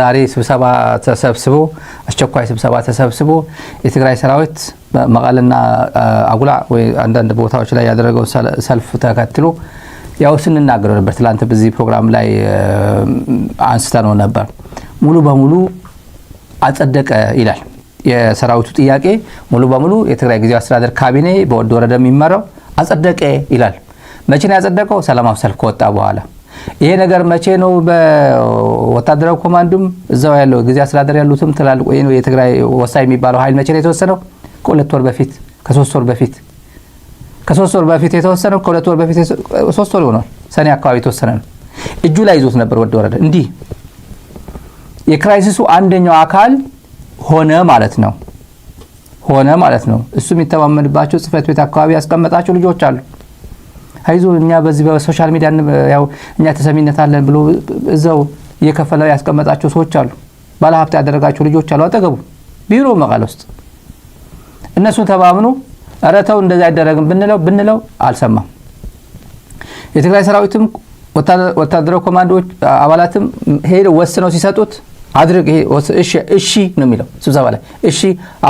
ዛሬ ስብሰባ ተሰብስቦ አስቸኳይ ስብሰባ ተሰብስቦ የትግራይ ሰራዊት መቀልና አጉላ ወይ አንዳንድ ቦታዎች ላይ ያደረገውን ሰልፍ ተከትሎ ያው ስንናገር ነበር። ትላንት በዚህ ፕሮግራም ላይ አንስተነው ነበር። ሙሉ በሙሉ አጸደቀ ይላል የሰራዊቱ ጥያቄ። ሙሉ በሙሉ የትግራይ ጊዜ አስተዳደር ካቢኔ በወድ ወረደ የሚመራው አጸደቀ ይላል። መቼ ነው ያጸደቀው? ሰላማዊ ሰልፍ ከወጣ በኋላ ይሄ ነገር መቼ ነው? በወታደራዊ ኮማንዱም እዛው ያለው ጊዜ አስተዳደር ያሉትም ይሄ ነው የትግራይ ወሳኝ የሚባለው ኃይል መቼ ነው የተወሰነው? ከሁለት ወር በፊት ከሶስት ወር በፊት ከሶስት ወር በፊት የተወሰነው ከሁለት ወር በፊት ሶስት ወር ሆኗል። ሰኔ አካባቢ የተወሰነ ነው። እጁ ላይ ይዞት ነበር ወደ ወረደ እንዲህ የክራይሲሱ አንደኛው አካል ሆነ ማለት ነው ሆነ ማለት ነው። እሱ የሚተማመንባቸው ጽህፈት ቤት አካባቢ ያስቀመጣቸው ልጆች አሉ። አይዞ እኛ በዚህ በሶሻል ሚዲያ ያው እኛ ተሰሚነት አለን ብሎ እዛው እየከፈለ ያስቀመጣቸው ሰዎች አሉ። ባለሀብት ያደረጋቸው ልጆች አሉ። አጠገቡ ቢሮ መቀለ ውስጥ እነሱን ተማምኖ ረተው እንደዚ አይደረግም ብንለው ብንለው አልሰማም። የትግራይ ሰራዊትም ወታደራዊ ኮማንዶዎች አባላትም ሄደው ወስነው ሲሰጡት አድርግ እሺ ነው የሚለው ስብሰባ ላይ እሺ።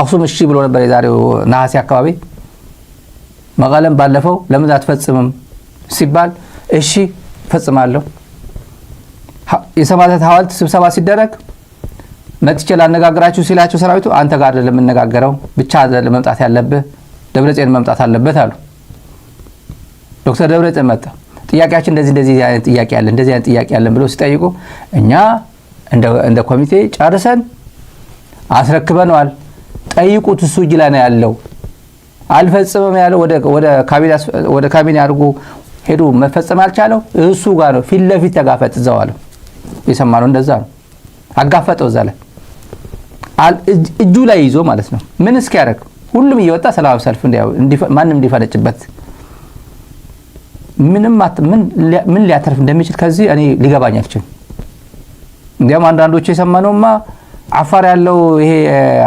አክሱም እሺ ብሎ ነበር የዛሬው ነሐሴ አካባቢ። መቀለም ባለፈው ለምን አትፈጽምም ሲባል እሺ ፈጽማለሁ። የሰማታት ሐውልት ስብሰባ ሲደረግ መጥቼ ላነጋግራችሁ ሲላቸው ሰራዊቱ አንተ ጋር ለምነጋገረው ብቻ ለመምጣት ያለብህ ደብረጽዮን መምጣት አለበት አሉ። ዶክተር ደብረጽዮን መጣ። ጥያቄያችን እንደዚህ እንደዚህ አይነት ጥያቄ አለን እንደዚህ አይነት ጥያቄ አለን ብሎ ሲጠይቁ እኛ እንደ ኮሚቴ ጨርሰን አስረክበነዋል። ጠይቁት፣ እሱ እጅ ላይ ነው ያለው። አልፈጽምም ያለው ወደ ካቢኔ አድርጎ ሄዱ መፈጸም ያልቻለው እሱ ጋር ነው። ፊት ለፊት ተጋፈጥ እዛው የሰማ ነው እንደዛ ነው። አጋፈጠው እዛ ላይ እጁ ላይ ይዞ ማለት ነው። ምን እስኪያደርግ ሁሉም እየወጣ ሰላም ሰልፍ ማንም እንዲፈነጭበት ምን ሊያተርፍ እንደሚችል ከዚህ እኔ ሊገባኝ አልችልም። እንዲያም አንዳንዶች የሰማነውማ አፋር ያለው ይሄ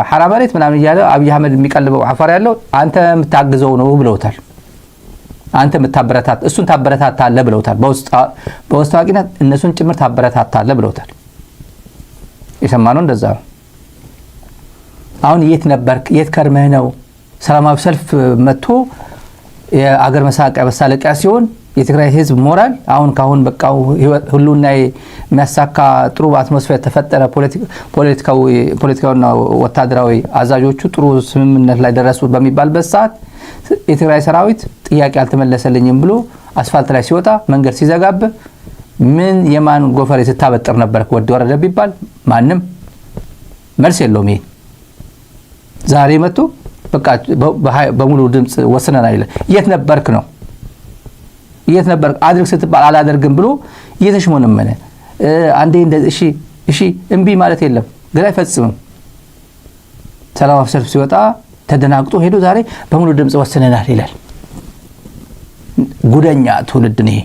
ሐራ መሬት ምናምን እያለ አብይ አህመድ የሚቀልበው አፋር ያለው አንተ የምታግዘው ነው ብለውታል። አንተ የምታበረታት እሱን ታበረታታለ ብለውታል። በውስጥ አዋቂነት እነሱን ጭምር ታበረታታለ ብለውታል። የሰማነው እንደዛ ነው። አሁን የት ነበርክ? የት ከርመህ ነው? ሰላማዊ ሰልፍ መጥቶ የአገር መሳለቂያ ሲሆን የትግራይ ህዝብ ሞራል አሁን ካሁን በቃ ሁሉና የሚያሳካ ጥሩ አትሞስፌር ተፈጠረ። ፖለቲካዊና ወታደራዊ አዛዦቹ ጥሩ ስምምነት ላይ ደረሱ በሚባልበት ሰዓት የትግራይ ሰራዊት ጥያቄ አልተመለሰልኝም ብሎ አስፋልት ላይ ሲወጣ መንገድ ሲዘጋብ ምን የማን ጎፈሬ ስታበጥር ነበር ወደ ወረደ ቢባል ማንም መልስ የለውም። ይሄ ዛሬ መጥቶ በቃ በሙሉ ድምፅ ወስነን አይለ የት ነበርክ ነው የት ነበር አድርግ ስትባል አላደርግም ብሎ እየተሽሞነመነ አንዴ እንደ እሺ እሺ እምቢ ማለት የለም ግን አይፈጽምም። ሰላማዊ ሰልፍ ሲወጣ ተደናግጦ ሄዶ ዛሬ በሙሉ ድምፅ ወስነናል ይላል። ጉደኛ ትውልድ ነው ይሄ።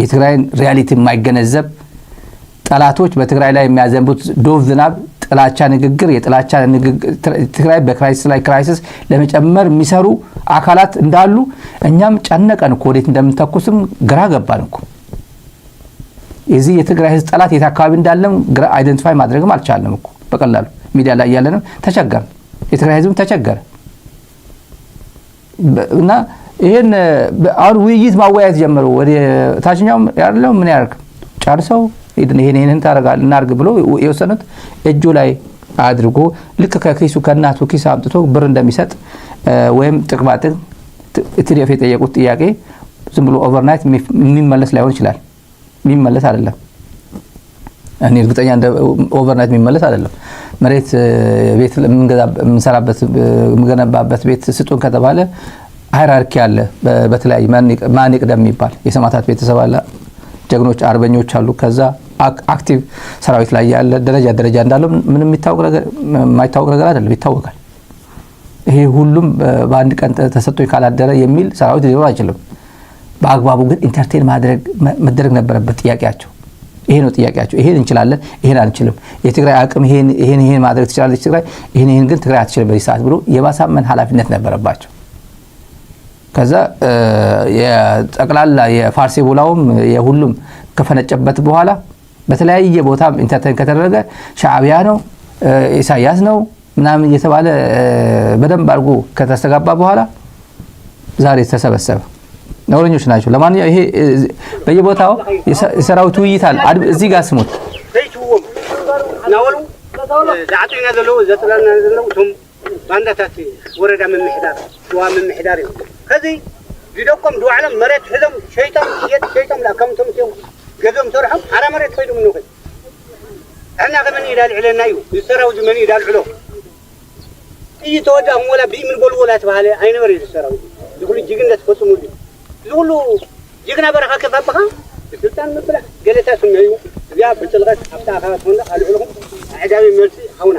የትግራይን ሪያሊቲ የማይገነዘብ ጠላቶች በትግራይ ላይ የሚያዘንቡት ዶቭ ዝናብ ጥላቻ ንግግር፣ የጥላቻ ትግራይ በክራይስስ ላይ ክራይስስ ለመጨመር የሚሰሩ አካላት እንዳሉ እኛም ጨነቀን እኮ ወዴት እንደምንተኩስም ግራ ገባን እኮ። የዚህ የትግራይ ህዝብ ጠላት የት አካባቢ እንዳለም ግራ አይደንቲፋይ ማድረግም አልቻለም እኮ በቀላሉ ሚዲያ ላይ እያለንም ተቸገር፣ የትግራይ ህዝብም ተቸገረ እና ይህን አሁን ውይይት ማወያየት ጀምሩ ወደ ታችኛውም ያለው ምን ያደርግ ጨርሰው ይህን ታረጋል እናርግ ብሎ የወሰኑት እጁ ላይ አድርጎ ልክ ከኪሱ ከእናቱ ኪስ አምጥቶ ብር እንደሚሰጥ ወይም ጥቅማጥቅም ትዲፍ የጠየቁት ጥያቄ ዝም ብሎ ኦቨርናይት የሚመለስ ላይሆን ይችላል። የሚመለስ አይደለም። እኔ እርግጠኛ ኦቨርናይት የሚመለስ አይደለም። መሬት ቤት የምንሰራበት የምገነባበት ቤት ስጡን ከተባለ ሃይራርኪ አለ። በተለያዩ ማን ይቅደም የሚባል የሰማታት ቤተሰብ አለ። ጀግኖች አርበኞች አሉ። ከዛ አክቲቭ ሰራዊት ላይ ያለ ደረጃ ደረጃ እንዳለው ምንም የማይታወቅ ነገር አይደለም፣ ይታወቃል። ይሄ ሁሉም በአንድ ቀን ተሰጥቶኝ ካላደረ የሚል ሰራዊት ሊኖር አይችልም። በአግባቡ ግን ኢንተርቴን ማድረግ መደረግ ነበረበት ጥያቄያቸው። ይሄ ነው ጥያቄያቸው። ይሄን እንችላለን፣ ይሄን አንችልም። የትግራይ አቅም ይሄን ይሄን ማድረግ ትችላለች ትግራይ፣ ይሄን ይሄን ግን ትግራይ አትችልም በዚህ ሰዓት ብሎ የማሳመን ኃላፊነት ነበረባቸው። ከዛ የጠቅላላ የፋርሴ ቡላውም የሁሉም ከፈነጨበት በኋላ በተለያየ ቦታ ኢንተርቴን ከተደረገ ሻዕቢያ ነው ኢሳያስ ነው ምናምን እየተባለ በደንብ አድርጎ ከተስተጋባ በኋላ ዛሬ ተሰበሰበ። ነውረኞች ናቸው። ለማንኛው ይሄ በየቦታው የሰራዊት ውይይት እዚህ ጋር ስሙት። ወረዳ ገዞም ሰሪሖም ሓራ መሬት ከይዱ ምንኸ ሕና ከመን ኢዳልዕለና እዩ ዝሰራዊት መን ኢዳልዕሎ እዩ ተወዳ ሞላ ብኢምን በልቦላ ተባሃለ ኣይነበረ እዩ ዝሰራዊት ዝኩሉ ጅግነት ተፈፅሙሉ ዝኩሉ ጅግና በረኻ ከፍ ኣበኻ ብስልጣን ምብላዕ ገለታት ነዩ እዚኣ ብጥልቀት ኣብታ ኣኻባ ትኮና ካልዕልኩም መልሲ ሃውና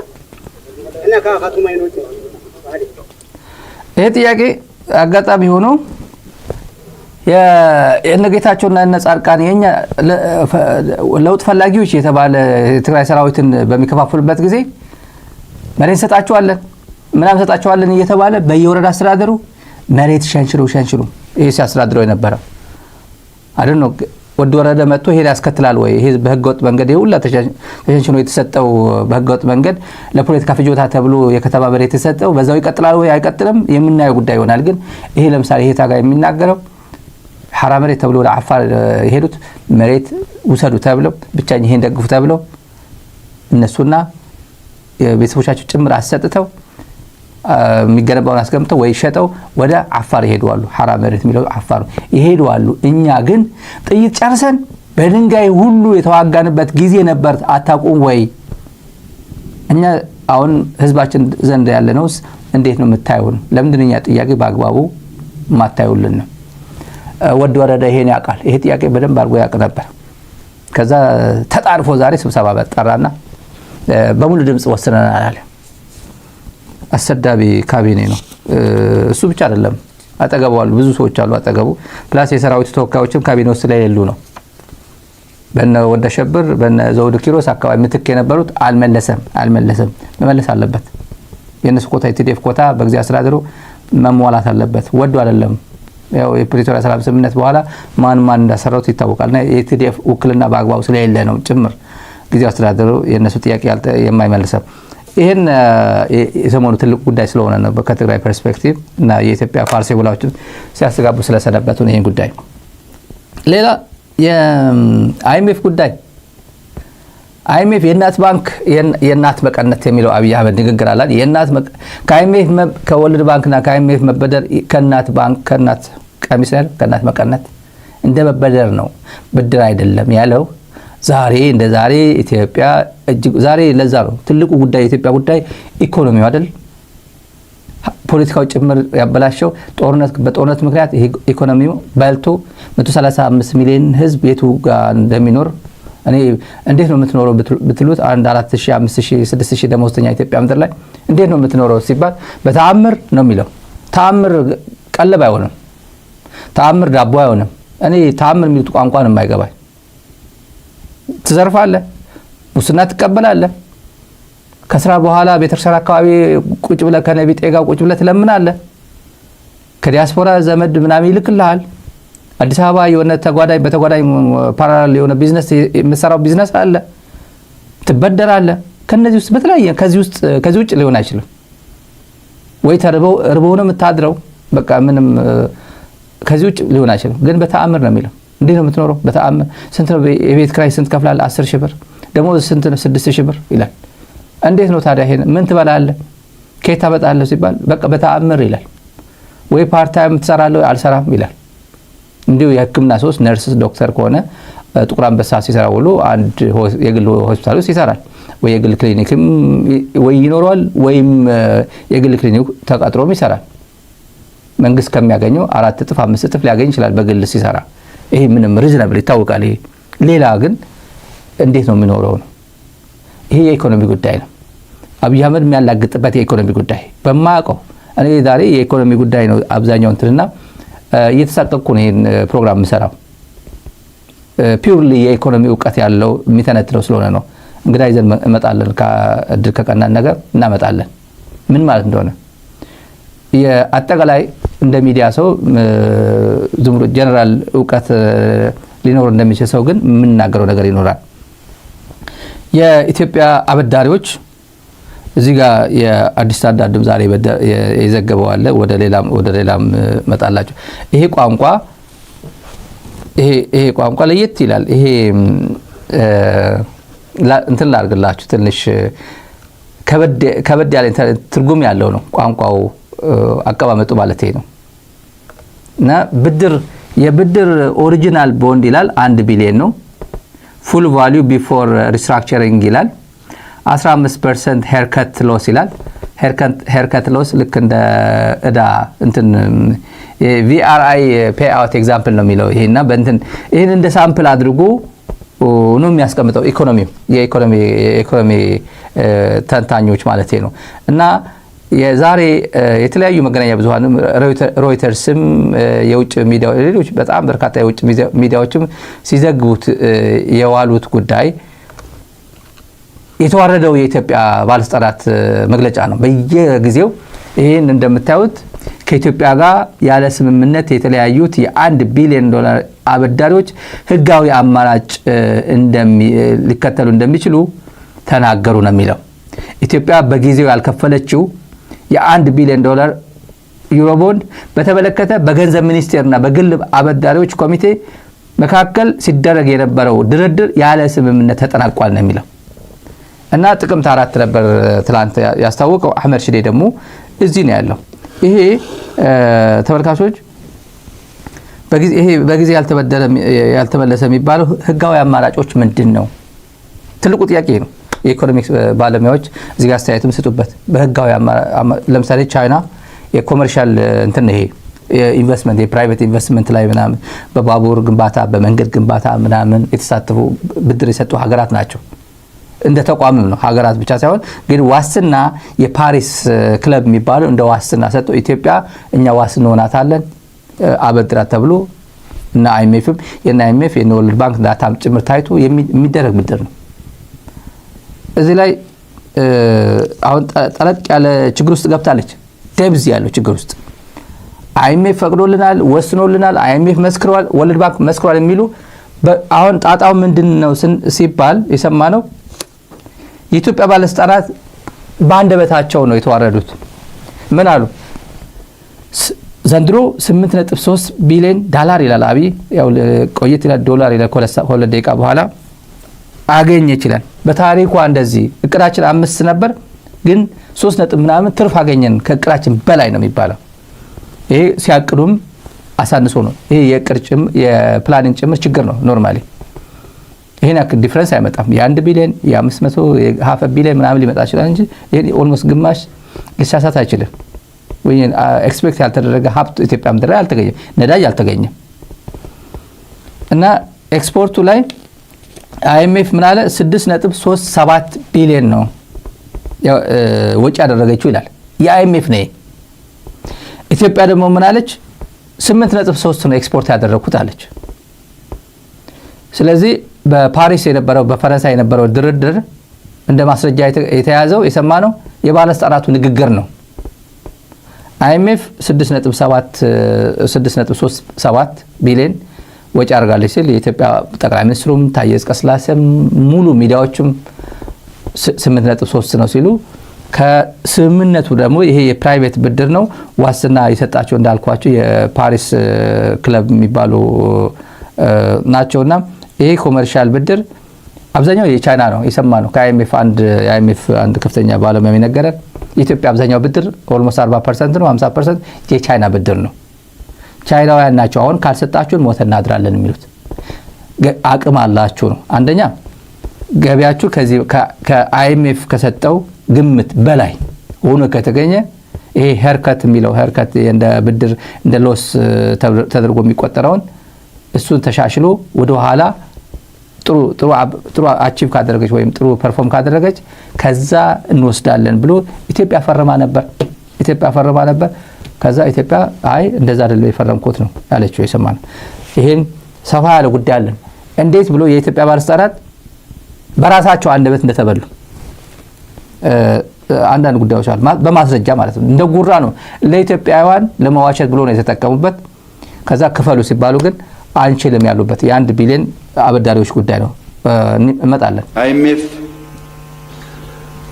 ሕና ካብ ካትኩም ኣይንውፅ ጥያቄ አጋጣሚ ሆኖ የእነ ጌታቸውና እነ ጻድቃን የኛ ለውጥ ፈላጊዎች የተባለ የትግራይ ሰራዊትን በሚከፋፍሉበት ጊዜ መሬት እንሰጣቸዋለን ምናም እንሰጣቸዋለን እየተባለ በየወረዳ አስተዳደሩ መሬት ሸንሽሉ ሸንሽሉ ይህ ሲያስተዳድረው የነበረ አይደል ነው። ወድ ወረደ መጥቶ ይሄን ያስከትላል ወይ? ይሄ በህገወጥ መንገድ ይሄ ሁላ ተሸንሽኖ የተሰጠው በህገወጥ መንገድ ለፖለቲካ ፍጆታ ተብሎ የከተማ መሬት የተሰጠው በዛው ይቀጥላል ወይ አይቀጥልም? የምናየው ጉዳይ ይሆናል። ግን ይሄ ለምሳሌ ይሄ ታጋ የሚናገረው ሓራ መሬት ተብሎ ወደ ዓፋር የሄዱት መሬት ውሰዱ ተብለው ብቻ ይሄን ደግፉ ተብለው እነሱና ቤተሰቦቻቸው ጭምር አሰጥተው የሚገነባውን አስቀምጠው ወይ ሸጠው ወደ ዓፋር ይሄዱዋሉ። ሓራ መሬት የሚለው ዓፋር ይሄዱዋሉ። እኛ ግን ጥይት ጨርሰን በድንጋይ ሁሉ የተዋጋንበት ጊዜ ነበር። አታቁም ወይ? እኛ አሁን ህዝባችን ዘንድ ያለነውስ እንዴት ነው የምታየውን ለምንድን እኛ ጥያቄ በአግባቡ ማታዩልን ነው? ወድ ወረደ ይሄን ያውቃል። ይሄ ጥያቄ በደንብ አድርጎ ያውቅ ነበር። ከዛ ተጣርፎ ዛሬ ስብሰባ በጠራና በሙሉ ድምፅ ወስነናል አለ። አሰዳቢ ካቢኔ ነው። እሱ ብቻ አይደለም፣ አጠገቡ አሉ፣ ብዙ ሰዎች አሉ አጠገቡ። ፕላስ የሰራዊቱ ተወካዮችም ካቢኔ ውስጥ ስለሌሉ ነው። በነ ሸብር በነ ዘውድ ኪሮስ አካባቢ ምትክ የነበሩት አልመለሰም፣ አልመለሰም። መመለስ አለበት። የእነሱ ኮታ የቲዲኤፍ ኮታ በጊዜ አስተዳደሩ መሟላት አለበት። ወዱ አይደለም ያው የፕሪቶሪያ ሰላም ስምምነት በኋላ ማን ማን ይታወቃል። ና የቲዲኤፍ ውክልና በአግባቡ ስለሌለ ነው ጭምር ጊዜ አስተዳደሩ የእነሱ ጥያቄ የማይመልሰው። ይህን የሰሞኑ ትልቅ ጉዳይ ስለሆነ ነው ከትግራይ ፐርስፔክቲቭ እና የኢትዮጵያ ፋርሴ ውላዎችን ሲያስተጋቡ ስለሰነበቱን ይህን ጉዳይ ሌላ የአይኤምኤፍ ጉዳይ አይኤምኤፍ የእናት ባንክ የእናት መቀነት የሚለው አብይ አህመድ ንግግር አላል። አላት። ከወርልድ ባንክና ከአይኤምኤፍ መበደር ከእናት ባንክ ከእናት ቀሚስ ከእናት መቀነት እንደ መበደር ነው፣ ብድር አይደለም ያለው። ዛሬ እንደ ዛሬ ኢትዮጵያ እጅግ ዛሬ ለዛ ነው ትልቁ ጉዳይ የኢትዮጵያ ጉዳይ ኢኮኖሚው አይደል፣ ፖለቲካው ጭምር ያበላሸው ጦርነት። በጦርነት ምክንያት ኢኮኖሚው በልቶ 135 ሚሊዮን ህዝብ የቱ ጋር እንደሚኖር እኔ እንዴት ነው የምትኖረው ብትሉት አንድ 4560 ደመወዝተኛ ኢትዮጵያ ምድር ላይ እንዴት ነው የምትኖረው ሲባል በተአምር ነው የሚለው። ተአምር ቀለብ አይሆንም። ተአምር ዳቦ አይሆንም። እኔ ተአምር የሚሉት ቋንቋን የማይገባኝ። ትዘርፋለ ሙስና ትቀበላለህ፣ ከስራ በኋላ ቤተክርስቲያን አካባቢ ቁጭ ብለ ከነቢ ጤጋ ቁጭ ብለ ትለምናለ፣ ከዲያስፖራ ዘመድ ምናምን ይልክልሃል። አዲስ አበባ የሆነ ተጓዳኝ በተጓዳኝ ፓራላል የሆነ ቢዝነስ የምትሰራው ቢዝነስ አለ፣ ትበደራለ። ከነዚህ ውስጥ በተለያየ ከዚህ ውስጥ ከዚህ ውጭ ሊሆን አይችልም ወይ ተርበው እርቦ ነው የምታድረው። በቃ ምንም ከዚህ ውጭ ሊሆን አይችልም። ግን በተአምር ነው የሚለው። እንዴት ነው የምትኖረው? በተአምር ስንት ነው የቤት ክራይ ስንት ከፍላል አስር ሺህ ብር ደግሞ ስንት ነው? ስድስት ሺህ ብር ይላል። እንዴት ነው ታዲያ ይሄን ምን ትበላለ ከየት ታመጣለህ ሲባል በቃ በተአምር ይላል። ወይ ፓርታይም ትሰራለሁ አልሰራም ይላል። እንዲሁ የህክምና ሶስት ነርስ ዶክተር ከሆነ ጥቁር አንበሳ ሲሰራ ውሎ አንድ የግል ሆስፒታል ውስጥ ይሰራል። ወይ የግል ክሊኒክም ወይ ይኖረዋል ወይም የግል ክሊኒክ ተቀጥሮም ይሰራል። መንግስት ከሚያገኘው አራት እጥፍ አምስት እጥፍ ሊያገኝ ይችላል በግል ሲሰራ። ይሄ ምንም ሪዝነብል ይታወቃል። ይሄ ሌላ ግን እንዴት ነው የሚኖረው ነው። ይሄ የኢኮኖሚ ጉዳይ ነው። አብይ አህመድ የሚያላግጥበት የኢኮኖሚ ጉዳይ በማያውቀው እኔ ዛሬ የኢኮኖሚ ጉዳይ ነው አብዛኛው እንትንና እየተሳቀቅኩ ነው ይህን ፕሮግራም የምሰራው ፒውርሊ የኢኮኖሚ እውቀት ያለው የሚተነትነው ስለሆነ ነው። እንግዳ ይዘን እመጣለን። እድል ከቀናን ነገር እናመጣለን ምን ማለት እንደሆነ የአጠቃላይ እንደ ሚዲያ ሰው ዝም ብሎ ጀነራል እውቀት ሊኖር እንደሚችል ሰው ግን የምናገረው ነገር ይኖራል። የኢትዮጵያ አበዳሪዎች እዚህ ጋር የአዲስ ስታንዳርድም ዛሬ የዘገበው አለ። ወደ ሌላም መጣላቸው። ይሄ ቋንቋ ይሄ ቋንቋ ለየት ይላል። ይሄ እንትን ላርግላችሁ ትንሽ ከበድ ያለ ትርጉም ያለው ነው ቋንቋው አቀማመጡ ማለት ነው። ብድር የብድር ኦሪጂናል ቦንድ ይላል አንድ ቢሊዮን ነው። ፉል ቫሊዩ ቢፎር ሪስትራክቸሪንግ ይላል 15 ፐርሰንት ሄርከት ሎስ ይላል። ሄርከት ሎስ ልክ እንደ እዳ እንትን ቪአርአይ ፔይ አውት ኤግዛምፕል ነው የሚለው ይሄና በእንትን ይህን እንደ ሳምፕል አድርጎ ነው የሚያስቀምጠው ኢኮኖሚ የኢኮኖሚ ተንታኞች ማለት ነው እና የዛሬ የተለያዩ መገናኛ ብዙኃንም ሮይተርስም የውጭ ሚዲያ ሌሎች በጣም በርካታ የውጭ ሚዲያዎችም ሲዘግቡት የዋሉት ጉዳይ የተዋረደው የኢትዮጵያ ባለስልጣናት መግለጫ ነው። በየጊዜው ይህን እንደምታዩት ከኢትዮጵያ ጋር ያለ ስምምነት የተለያዩት የአንድ ቢሊዮን ዶላር አበዳሪዎች ህጋዊ አማራጭ ሊከተሉ እንደሚችሉ ተናገሩ ነው የሚለው ኢትዮጵያ በጊዜው ያልከፈለችው የአንድ ቢሊዮን ዶላር ዩሮ ቦንድ በተመለከተ በገንዘብ ሚኒስቴርና በግል አበዳሪዎች ኮሚቴ መካከል ሲደረግ የነበረው ድርድር ያለ ስምምነት ተጠናቋል ነው የሚለው እና ጥቅምት አራት ነበር ትላንት ያስታወቀው። አህመድ ሽዴ ደግሞ እዚህ ነው ያለው። ይሄ ተመልካቾች ይሄ በጊዜ ያልተመለሰ የሚባለው ህጋዊ አማራጮች ምንድን ነው? ትልቁ ጥያቄ ነው። የኢኮኖሚክስ ባለሙያዎች ጋ አስተያየትም ስጡበት። በህጋዊ ለምሳሌ ቻይና የኮመርሻል እንትን ይሄ ኢንቨስትመንት የፕራይቬት ኢንቨስትመንት ላይ ምናምን በባቡር ግንባታ በመንገድ ግንባታ ምናምን የተሳተፉ ብድር የሰጡ ሀገራት ናቸው። እንደ ተቋምም ነው ሀገራት ብቻ ሳይሆን ግን ዋስትና የፓሪስ ክለብ የሚባለው እንደ ዋስትና ሰጡ። ኢትዮጵያ እኛ ዋስ ሆናታለን አበድራት ተብሎ እና አይኤምኤፍም የና አይኤምኤፍ የወርልድ ባንክ ዳታም ጭምር ታይቶ የሚደረግ ብድር ነው። እዚህ ላይ አሁን ጠለቅ ያለ ችግር ውስጥ ገብታለች። ደብዝ ያለው ችግር ውስጥ አይኤምኤፍ ፈቅዶልናል፣ ወስኖልናል፣ አይኤምኤፍ መስክረዋል፣ ወልድ ባንክ መስክሯል የሚሉ አሁን ጣጣው ምንድን ነው ሲባል የሰማ ነው። የኢትዮጵያ ባለስልጣናት በአንደበታቸው ነው የተዋረዱት። ምን አሉ? ዘንድሮ 8.3 ቢሊዮን ዳላር ይላል አብይ፣ ያው ቆየት ይላል ዶላር ይላል ከሁለት ደቂቃ በኋላ አገኘ ይችላል። በታሪኳ እንደዚህ እቅዳችን አምስት ነበር፣ ግን ሶስት ነጥብ ምናምን ትርፍ አገኘን ከእቅዳችን በላይ ነው የሚባለው። ይሄ ሲያቅዱም አሳንሶ ነው። ይሄ የፕላኒንግ ጭምር ችግር ነው። ኖርማሊ ይህን ያክል ዲፍረንስ አይመጣም። የአንድ ቢሊዮን የአምስት መቶ የሀፈ ቢሊዮን ምናምን ሊመጣ ይችላል እንጂ ይህን ኦልሞስት ግማሽ ሊሳሳት አይችልም። ኤክስፔክት ያልተደረገ ሀብት ኢትዮጵያ ምድር ላይ አልተገኘም። ነዳጅ አልተገኘም እና ኤክስፖርቱ ላይ አይኤምኤፍ ምን አለ? 6.37 ቢሊዮን ነው ወጪ ያደረገችው ይላል። የአይኤምኤፍ ነው። ኢትዮጵያ ደግሞ ምን አለች? 8.3 ነው ኤክስፖርት ያደረግኩት አለች። ስለዚህ በፓሪስ የነበረው በፈረንሳይ የነበረው ድርድር እንደ ማስረጃ የተያዘው የሰማ ነው የባለስልጣናቱ ንግግር ነው። አይኤምኤፍ 6.37 ቢሊዮን ወጪ አድርጋለች ሲል የኢትዮጵያ ጠቅላይ ሚኒስትሩም ታዬ አጽቀሥላሴም ሙሉ ሚዲያዎቹም ስምንት ነጥብ ሶስት ነው ሲሉ ከስምምነቱ ደግሞ ይሄ የፕራይቬት ብድር ነው ዋስትና የሰጣቸው እንዳልኳቸው የፓሪስ ክለብ የሚባሉ ናቸውና ይሄ ኮመርሻል ብድር አብዛኛው የቻይና ነው የሰማ ነው። ከአይኤምኤፍ አንድ የአይኤምኤፍ አንድ ከፍተኛ ባለሙያ የነገረን የኢትዮጵያ አብዛኛው ብድር ኦልሞስት 40 ፐርሰንት ነው 50 ፐርሰንት የቻይና ብድር ነው። ቻይናውያን ናቸው። አሁን ካልሰጣችሁን ሞተ እናድራለን የሚሉት አቅም አላችሁ ነው። አንደኛ ገቢያችሁ ከዚህ ከአይኤምኤፍ ከሰጠው ግምት በላይ ሆኖ ከተገኘ ይሄ ሄርከት የሚለው ሄርከት እንደ ብድር እንደ ሎስ ተደርጎ የሚቆጠረውን እሱን ተሻሽሎ ወደ ኋላ ጥሩ አቺቭ ካደረገች ወይም ጥሩ ፐርፎርም ካደረገች ከዛ እንወስዳለን ብሎ ኢትዮጵያ ፈርማ ነበር። ኢትዮጵያ ፈርማ ነበር። ከዛ ኢትዮጵያ አይ እንደዛ አይደለም የፈረምኩት ነው ያለችው። የሰማ ነው። ይህን ሰፋ ያለ ጉዳይ አለን። እንዴት ብሎ የኢትዮጵያ ባለስልጣናት በራሳቸው አንደበት እንደተበሉ አንዳንድ ጉዳዮች አሉ፣ በማስረጃ ማለት ነው። እንደ ጉራ ነው ለኢትዮጵያውያን ለመዋሸት ብሎ ነው የተጠቀሙበት። ከዛ ክፈሉ ሲባሉ ግን አንችልም ያሉበት የአንድ ቢሊዮን አበዳሪዎች ጉዳይ ነው። እመጣለን። አይኤምኤፍ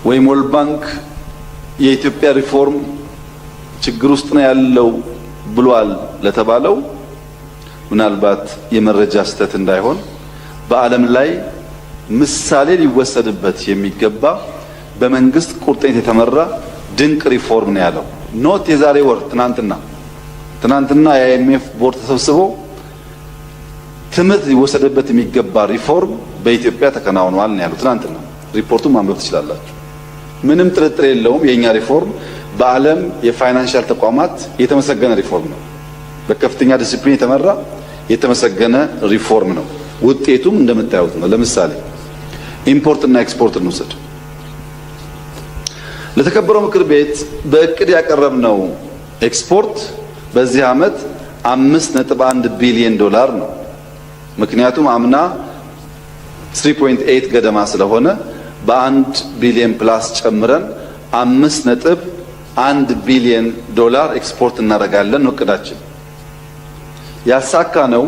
ወይም ወልድ ባንክ የኢትዮጵያ ሪፎርም ችግር ውስጥ ነው ያለው ብሏል ለተባለው ምናልባት የመረጃ ስህተት እንዳይሆን በዓለም ላይ ምሳሌ ሊወሰድበት የሚገባ በመንግስት ቁርጠኝነት የተመራ ድንቅ ሪፎርም ነው ያለው። ኖት የዛሬ ወር ትናንትና ትናንትና የአይኤምኤፍ ቦርድ ተሰብስቦ ትምህርት ሊወሰድበት የሚገባ ሪፎርም በኢትዮጵያ ተከናውኗል ነው ያለው። ትናንትና ሪፖርቱን ማንበብ ትችላላችሁ። ምንም ጥርጥር የለውም የእኛ ሪፎርም በዓለም የፋይናንሻል ተቋማት የተመሰገነ ሪፎርም ነው። በከፍተኛ ዲሲፕሊን የተመራ የተመሰገነ ሪፎርም ነው። ውጤቱም እንደምታዩት ነው። ለምሳሌ ኢምፖርት እና ኤክስፖርት እንውሰድ። ለተከበረው ምክር ቤት በእቅድ ያቀረብነው ኤክስፖርት በዚህ ዓመት አምስት ነጥብ አንድ ቢሊዮን ዶላር ነው። ምክንያቱም አምና 3.8 ገደማ ስለሆነ በአንድ ቢሊዮን ፕላስ ጨምረን አምስት ነጥብ አንድ ቢሊየን ዶላር ኤክስፖርት እናደርጋለን ነው እቅዳችን። ያሳካ ነው።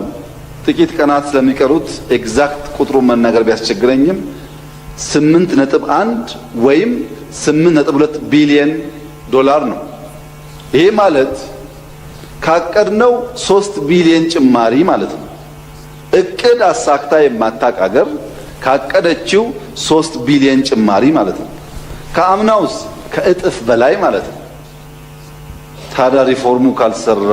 ጥቂት ቀናት ስለሚቀሩት ኤግዛክት ቁጥሩን መናገር ቢያስቸግረኝም ስምንት ነጥብ አንድ ወይም ስምንት ነጥብ ሁለት ቢሊየን ዶላር ነው። ይሄ ማለት ካቀድነው ሶስት ቢሊየን ጭማሪ ማለት ነው። እቅድ አሳክታ የማታቅ አገር ካቀደችው ሶስት ቢሊየን ጭማሪ ማለት ነው። ከአምናውስ ከእጥፍ በላይ ማለት ነው። ታዲያ ሪፎርሙ ካልሰራ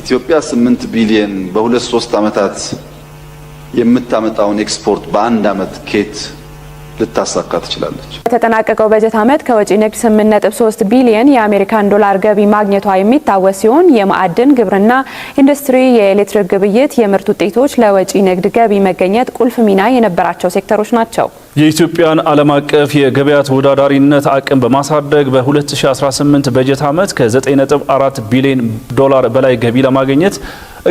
ኢትዮጵያ ስምንት ቢሊየን በሁለት ሶስት ዓመታት የምታመጣውን ኤክስፖርት በአንድ ዓመት ኬት ልታሳካ ትችላለች። በተጠናቀቀው በጀት አመት ከወጪ ንግድ 8.3 ቢሊዮን የአሜሪካን ዶላር ገቢ ማግኘቷ የሚታወስ ሲሆን የማዕድን፣ ግብርና፣ ኢንዱስትሪ፣ የኤሌክትሪክ ግብይት፣ የምርት ውጤቶች ለወጪ ንግድ ገቢ መገኘት ቁልፍ ሚና የነበራቸው ሴክተሮች ናቸው። የኢትዮጵያን ዓለም አቀፍ የገበያ ተወዳዳሪነት አቅም በማሳደግ በ2018 በጀት ዓመት ከ9.4 ቢሊዮን ዶላር በላይ ገቢ ለማግኘት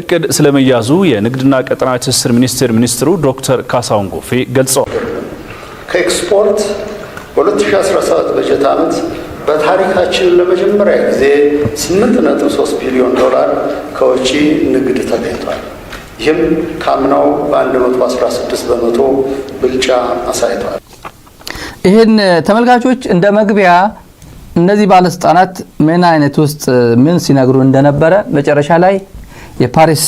እቅድ ስለመያዙ የንግድና ቀጠና ትስስር ሚኒስቴር ሚኒስትሩ ዶክተር ካሳሁን ጎፌ ገልጸዋል። ከኤክስፖርት በ2017 በጀት ዓመት በታሪካችን ለመጀመሪያ ጊዜ 8.3 ቢሊዮን ዶላር ከውጪ ንግድ ተገኝቷል። ይህም ከአምናው በ116 በመቶ ብልጫ አሳይቷል። ይህን ተመልካቾች እንደ መግቢያ እነዚህ ባለስልጣናት ምን አይነት ውስጥ ምን ሲነግሩ እንደነበረ መጨረሻ ላይ የፓሪስ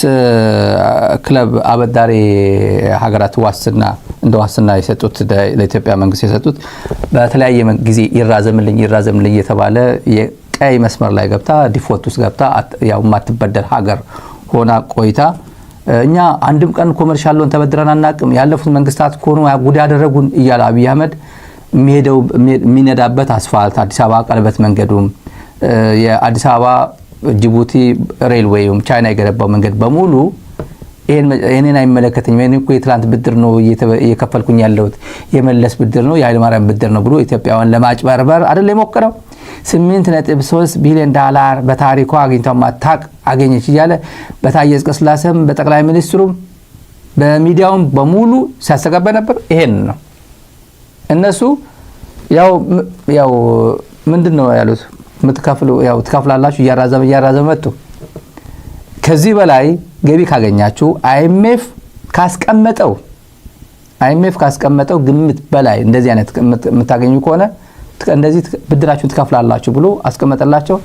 ክለብ አበዳሪ ሀገራት ዋስትና እንደ ዋስትና የሰጡት ለኢትዮጵያ መንግስት የሰጡት በተለያየ ጊዜ ይራዘምልኝ ይራዘምልኝ የተባለ የቀይ መስመር ላይ ገብታ ዲፎልት ውስጥ ገብታ ያው የማትበደል ሀገር ሆና ቆይታ እኛ አንድም ቀን ኮመርሻል ሎን ተበድረን አናቅም፣ ያለፉት መንግስታት እኮ ጉድ ያደረጉን እያለ አብይ አህመድ የሚሄደው የሚነዳበት አስፋልት አዲስ አበባ ቀለበት መንገዱም የአዲስ አበባ ጅቡቲ ሬልዌይም ቻይና የገነባው መንገድ በሙሉ ይህንን አይመለከተኝም፣ ይህን እኮ የትላንት ብድር ነው እየከፈልኩኝ ያለሁት የመለስ ብድር ነው የኃይለማርያም ብድር ነው ብሎ ኢትዮጵያውያን ለማጭበርበር አደለ የሞከረው። ስምንት ነጥብ ሶስት ቢሊዮን ዳላር በታሪኳ አግኝተው ማታቅ አገኘች እያለ በታዬ ስላሰም በጠቅላይ ሚኒስትሩም በሚዲያውም በሙሉ ሲያስተጋባ ነበር። ይሄን ነው እነሱ ያው ያው ምንድን ነው ያሉት ምትከፍሉ ያው ትከፍላላችሁ እያራዘመ እያራዘመ መጡ። ከዚህ በላይ ገቢ ካገኛችሁ አይኤምኤፍ ካስቀመጠው አይኤምኤፍ ካስቀመጠው ግምት በላይ እንደዚህ አይነት የምታገኙ ከሆነ እንደዚህ ብድራችሁን ትከፍላላችሁ ብሎ አስቀመጠላቸው።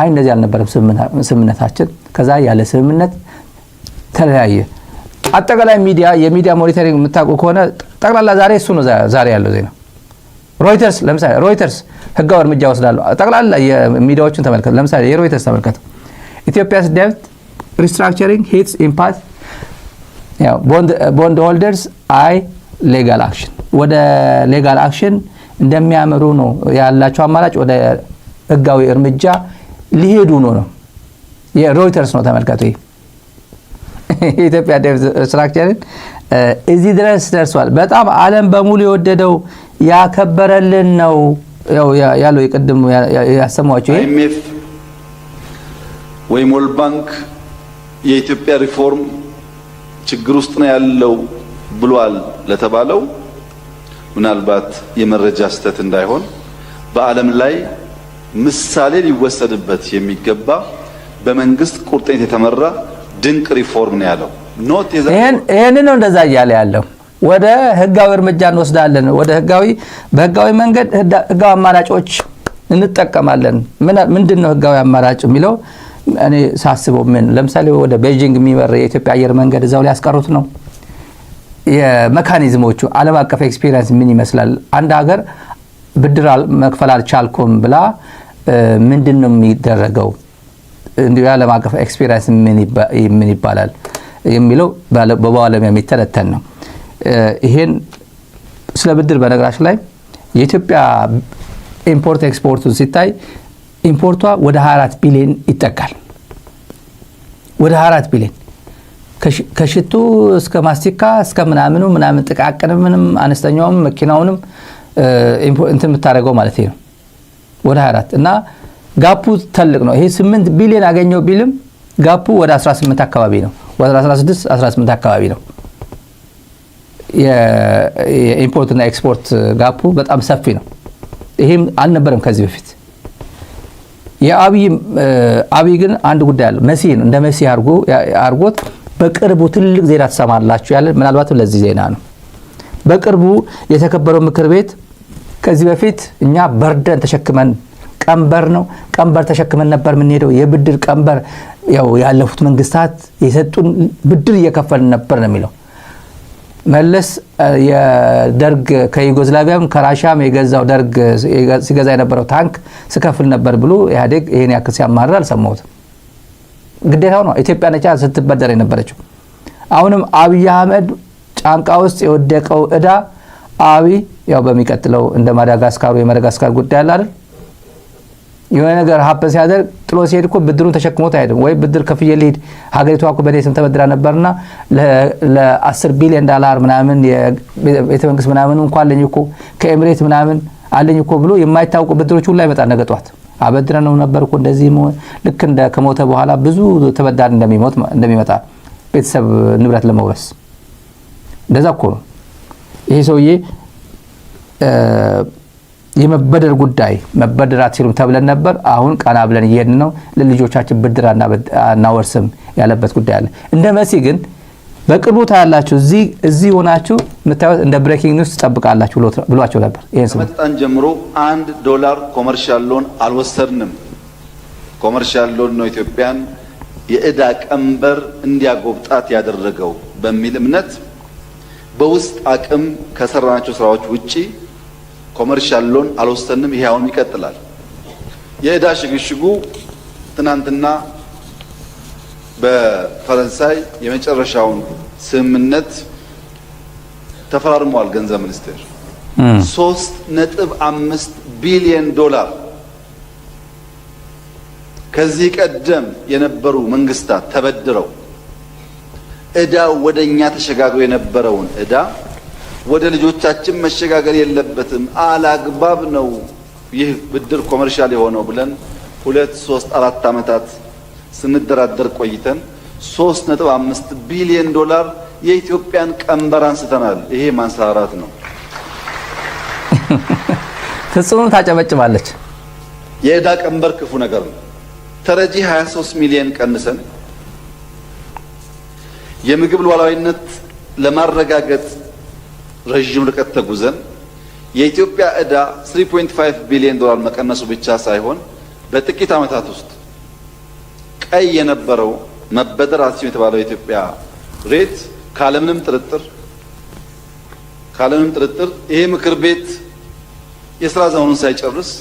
አይ እንደዚህ አልነበረም ስምምነታችን፣ ከዛ ያለ ስምምነት ተለያየ። አጠቃላይ ሚዲያ የሚዲያ ሞኒተሪንግ የምታውቁ ከሆነ ጠቅላላ ዛሬ እሱ ነው ዛሬ ያለው ዜና። ሮይተርስ ለምሳሌ ሮይተርስ ህጋዊ እርምጃ ወስዳሉ ጠቅላላ የሚዲያዎቹን ተመልከት። ለምሳሌ የሮይተርስ ተመልከት። ኢትዮጵያስ ደብት ሪስትራክቸሪንግ ሂትስ ኢምፓክት ቦንድ ሆልደርስ አይ ሌጋል አክሽን ወደ ሌጋል አክሽን እንደሚያምሩ ነው ያላቸው አማራጭ ወደ ህጋዊ እርምጃ ሊሄዱ ነው ነው። የሮይተርስ ነው ተመልከቱ። የኢትዮጵያ ስትራክቸርን እዚህ ድረስ ደርሷል። በጣም አለም በሙሉ የወደደው ያከበረልን ነው ያለው የቅድም ያሰማቸው ወይም ወልድ ባንክ የኢትዮጵያ ሪፎርም ችግር ውስጥ ነው ያለው ብሏል ለተባለው ምናልባት የመረጃ ስህተት እንዳይሆን በአለም ላይ ምሳሌ ሊወሰድበት የሚገባ በመንግስት ቁርጠኝነት የተመራ ድንቅ ሪፎርም ነው ያለው። ይህን ነው እንደዛ እያለ ያለው። ወደ ህጋዊ እርምጃ እንወስዳለን፣ ወደ ህጋዊ በህጋዊ መንገድ ህጋዊ አማራጮች እንጠቀማለን። ምንድን ነው ህጋዊ አማራጭ የሚለው? እኔ ሳስበው ምን ለምሳሌ ወደ ቤጂንግ የሚመራ የኢትዮጵያ አየር መንገድ እዛው ሊያስቀሩት ነው። የመካኒዝሞቹ ዓለም አቀፍ ኤክስፒሪየንስ ምን ይመስላል? አንድ ሀገር ብድር መክፈል አልቻልኩም ብላ ምንድን ነው የሚደረገው? እንዲሁ የዓለም አቀፍ ኤክስፔሪንስ ምን ይባላል የሚለው በባለሙያ የሚተነተን ነው። ይሄን ስለ ብድር በነገራችን ላይ የኢትዮጵያ ኢምፖርት ኤክስፖርቱን ሲታይ ኢምፖርቷ ወደ 24 ቢሊዮን ይጠጋል። ወደ 24 ቢሊዮን ከሽቱ እስከ ማስቲካ እስከ ምናምኑ ምናምን ጥቃቅንምንም አነስተኛውም መኪናውንም እንትን የምታደርገው ማለት ነው ወደ 24 እና ጋፑ ትልቅ ነው። ይሄ 8 ቢሊዮን አገኘው ቢልም ጋፑ ወደ 18 አካባቢ ነው፣ ወደ 16 18 አካባቢ ነው። የኢምፖርት እና ኤክስፖርት ጋፑ በጣም ሰፊ ነው። ይሄም አልነበረም ከዚህ በፊት። የአብይ ግን አንድ ጉዳይ አለው። መሲህን እንደ መሲህ አድርጎት በቅርቡ ትልቅ ዜና ትሰማላችሁ ያለ ምናልባትም ለዚህ ዜና ነው። በቅርቡ የተከበረው ምክር ቤት ከዚህ በፊት እኛ በርደን ተሸክመን ቀንበር ነው ቀንበር ተሸክመን ነበር የምንሄደው። የብድር ቀንበር ያው ያለፉት መንግስታት የሰጡን ብድር እየከፈልን ነበር ነው የሚለው መለስ የደርግ ከዩጎዝላቪያም ከራሻም የገዛው ደርግ ሲገዛ የነበረው ታንክ ስከፍል ነበር ብሎ ኢህአዴግ ይህን ያክል ሲያማርር አልሰማሁትም። ግዴታ ነው። ኢትዮጵያ ነቻ ስትበደር የነበረችው አሁንም አብይ አህመድ ጫንቃ ውስጥ የወደቀው እዳ አዊ ያው በሚቀጥለው እንደ ማዳጋስካሩ የማዳጋስካር ጉዳይ አለ አይደል? የሆነ ነገር ሀፕን ሲያደርግ ጥሎ ሲሄድ እኮ ብድሩን ተሸክሞት አይሄድም። ወይ ብድር ከፍዬ ልሂድ ሀገሪቷ እኮ በእኔ ስም ተበድራ ነበርና ለአስር ቢሊዮን ዳላር ምናምን ቤተ መንግስት ምናምን እንኳ አለኝ እኮ ከኤምሬት ምናምን አለኝ እኮ ብሎ የማይታወቁ ብድሮች ሁላ ይመጣል። ነገ ጧት አበድረ ነው ነበር እኮ እንደዚህ ልክ እንደ ከሞተ በኋላ ብዙ ተበዳሪ እንደሚሞት እንደሚመጣ ቤተሰብ ንብረት ለመውረስ እንደዛ እኮ ነው። ይሄ ሰውዬ የመበደር ጉዳይ መበደር አትችሉም ተብለን ነበር። አሁን ቀና ብለን እየሄድን ነው። ለልጆቻችን ብድር አናወርስም ያለበት ጉዳይ አለ። እንደ መሲ ግን በቅርቡ ታያላችሁ። እዚህ ሆናችሁ የምታዩት እንደ ብሬኪንግ ኒውስ ትጠብቃላችሁ ብሏቸው ነበር። ይህን ከመጣን ጀምሮ አንድ ዶላር ኮመርሻል ሎን አልወሰድንም። ኮመርሻል ሎን ነው ኢትዮጵያን የእዳ ቀንበር እንዲያጎብጣት ያደረገው በሚል እምነት በውስጥ አቅም ከሰራናቸው ስራዎች ውጪ ኮመርሻል ሎን አልወሰንም። ይሄ አሁንም ይቀጥላል። የእዳ ሽግሽጉ ትናንትና በፈረንሳይ የመጨረሻውን ስምምነት ተፈራርሟል። ገንዘብ ሚኒስቴር ሶስት ነጥብ አምስት ቢሊየን ዶላር ከዚህ ቀደም የነበሩ መንግስታት ተበድረው እዳው ወደ እኛ ተሸጋግሮ የነበረውን እዳ ወደ ልጆቻችን መሸጋገር የለበትም፣ አላግባብ ነው ይህ ብድር ኮመርሻል የሆነው ብለን ሁለት ሶስት አራት ዓመታት ስንደራደር ቆይተን ሶስት ነጥብ አምስት ቢሊዮን ዶላር የኢትዮጵያን ቀንበር አንስተናል። ይሄ ማንሰራራት ነው። ፍጹም ታጨበጭባለች። የእዳ ቀንበር ክፉ ነገር ነው። ተረጂ 23 ሚሊዮን ቀንሰን የምግብ ሉዓላዊነት ለማረጋገጥ ረዥም ርቀት ተጉዘን የኢትዮጵያ ዕዳ 3.5 ቢሊዮን ዶላር መቀነሱ ብቻ ሳይሆን በጥቂት ዓመታት ውስጥ ቀይ የነበረው መበደር አስችም የተባለው የኢትዮጵያ ሬት ካለምንም ጥርጥር ካለምንም ጥርጥር ይሄ ምክር ቤት የስራ ዘመኑን ሳይጨርስ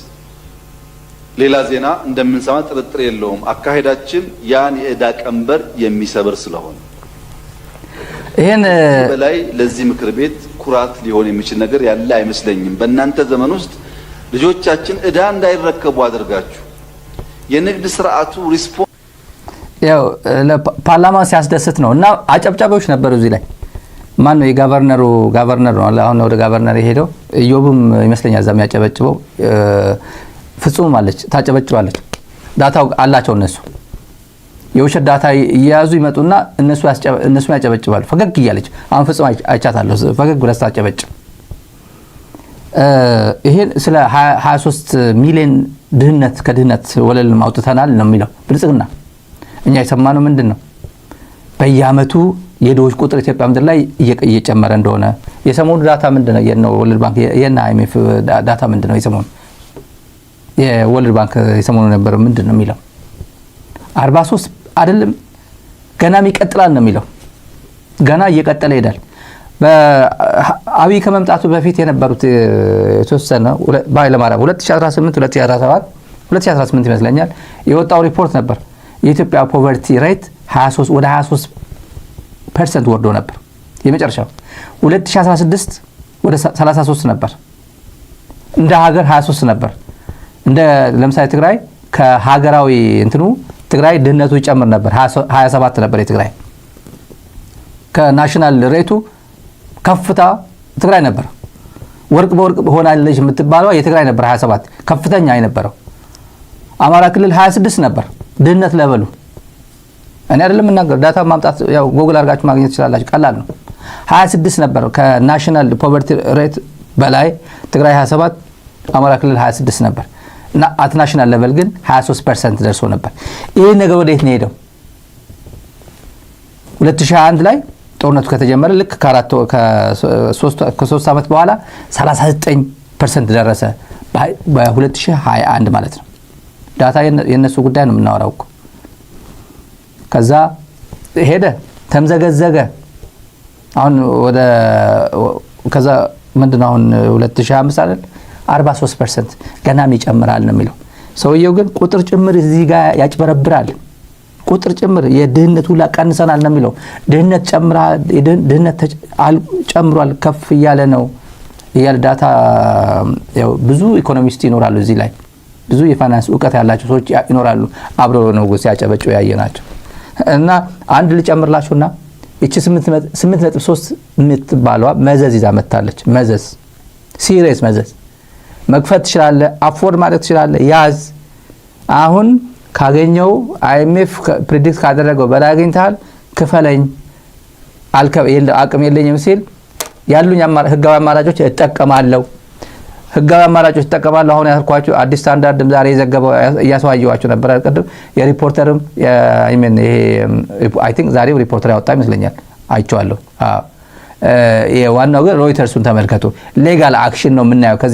ሌላ ዜና እንደምንሰማ ጥርጥር የለውም። አካሄዳችን ያን የዕዳ ቀንበር የሚሰብር ስለሆነ ይሄን በላይ ለዚህ ምክር ቤት ኩራት ሊሆን የሚችል ነገር ያለ አይመስለኝም። በእናንተ ዘመን ውስጥ ልጆቻችን እዳ እንዳይረከቡ አድርጋችሁ የንግድ ስርዓቱ ሪስፖንስ ያው ፓርላማ ሲያስደስት ነው እና አጨብጫቢዎች ነበሩ እዚህ ላይ ማን ነው የጋቨርነሩ ጋቨርነር ነው አሁን ወደ ጋቨርነር የሄደው እዮብም ይመስለኛል እዛ የሚያጨበጭበው ፍጹም አለች ታጨበጭባለች ዳታው አላቸው እነሱ የውሸት ዳታ እየያዙ ይመጡና እነሱ ያጨበጭባሉ። ፈገግ እያለች አሁን ፍጹም አይቻታለሁ። ፈገግ ብላ ስታጨበጭብ ይሄን ስለ 23 ሚሊዮን ድህነት ከድህነት ወለል አውጥተናል ነው የሚለው ብልጽግና። እኛ የሰማነው ምንድን ነው? በየአመቱ የድሆች ቁጥር ኢትዮጵያ ምድር ላይ እየጨመረ እንደሆነ። የሰሞኑ ዳታ ምንድነው? የወለድ ባንክ የነ አይኤምኤፍ ዳታ ምንድነው? የሰሞኑ የወለድ ባንክ የሰሞኑ ነበረው ምንድን ነው የሚለው 43 አይደለም ገናም ይቀጥላል ነው የሚለው። ገና እየቀጠለ ይሄዳል። በአብይ ከመምጣቱ በፊት የነበሩት የተወሰነ በኃይለማርያም 2018 2017 2018 ይመስለኛል የወጣው ሪፖርት ነበር። የኢትዮጵያ ፖቨርቲ ሬት 23 ወደ 23 ፐርሰንት ወርዶ ነበር። የመጨረሻው 2016 ወደ 33 ነበር። እንደ ሀገር 23 ነበር። እንደ ለምሳሌ ትግራይ ከሀገራዊ እንትኑ ትግራይ ድህነቱ ይጨምር ነበር። 27 ነበር የትግራይ ከናሽናል ሬቱ ከፍታ ትግራይ ነበር። ወርቅ በወርቅ ሆናለች የምትባለዋ የትግራይ ነበር 27 ከፍተኛ የነበረው። አማራ ክልል 26 ነበር ድህነት ለበሉ። እኔ አይደለም እናገር ዳታ ማምጣት ያው ጎግል አድርጋችሁ ማግኘት ትችላላችሁ። ቀላል ነው። 26 ነበር ከናሽናል ፖቨርቲ ሬት በላይ ትግራይ 27፣ አማራ ክልል 26 ነበር። አትናሽናል ለቨል ግን 23 ፐርሰንት ደርሶ ነበር። ይህ ነገር ወዴት ነው ሄደው? 2021 ላይ ጦርነቱ ከተጀመረ ልክ ከሶስት ዓመት በኋላ 39 ፐርሰንት ደረሰ፣ በ2021 ማለት ነው። ዳታ የእነሱ ጉዳይ ነው የምናወራው እኮ። ከዛ ሄደ ተምዘገዘገ። አሁን ወደ ከዛ ምንድን ነው አሁን 2025 አይደል 43 ፐርሰንት ገናም ይጨምራል ነው የሚለው ሰውየው። ግን ቁጥር ጭምር እዚህ ጋር ያጭበረብራል። ቁጥር ጭምር የድህነት ሁላ ቀንሰናል ነው የሚለው። ድህነት ድህነት ጨምሯል፣ ከፍ እያለ ነው እያለ ዳታ ብዙ ኢኮኖሚስት ይኖራሉ እዚህ ላይ ብዙ የፋይናንስ እውቀት ያላቸው ሰዎች ይኖራሉ። አብረ ነው ሲያጨበጭ ያየ ናቸው። እና አንድ ልጨምርላችሁና እቺ ስምንት ነጥብ ሶስት የምትባለዋ መዘዝ ይዛ መታለች። መዘዝ ሲሪየስ መዘዝ መክፈት ትችላለ አፎርድ ማድረግ ትችላለ ያዝ። አሁን ካገኘው አይኤምኤፍ ፕሪዲክት ካደረገው በላይ አግኝታል። ክፈለኝ፣ አቅም የለኝም ሲል ያሉኝ ህጋዊ አማራጮች እጠቀማለሁ ህጋዊ አማራጮች ይጠቀማሉ። አሁን ያልኳቸው አዲስ ስታንዳርድም ዛሬ የዘገበው እያስዋየዋችሁ ነበር ቅድም። የሪፖርተርም ዛሬ ሪፖርተር ያወጣ ይመስለኛል አይቸዋለሁ ዋናው ግን ሮይተርሱን ተመልከቱ። ሌጋል አክሽን ነው የምናየው።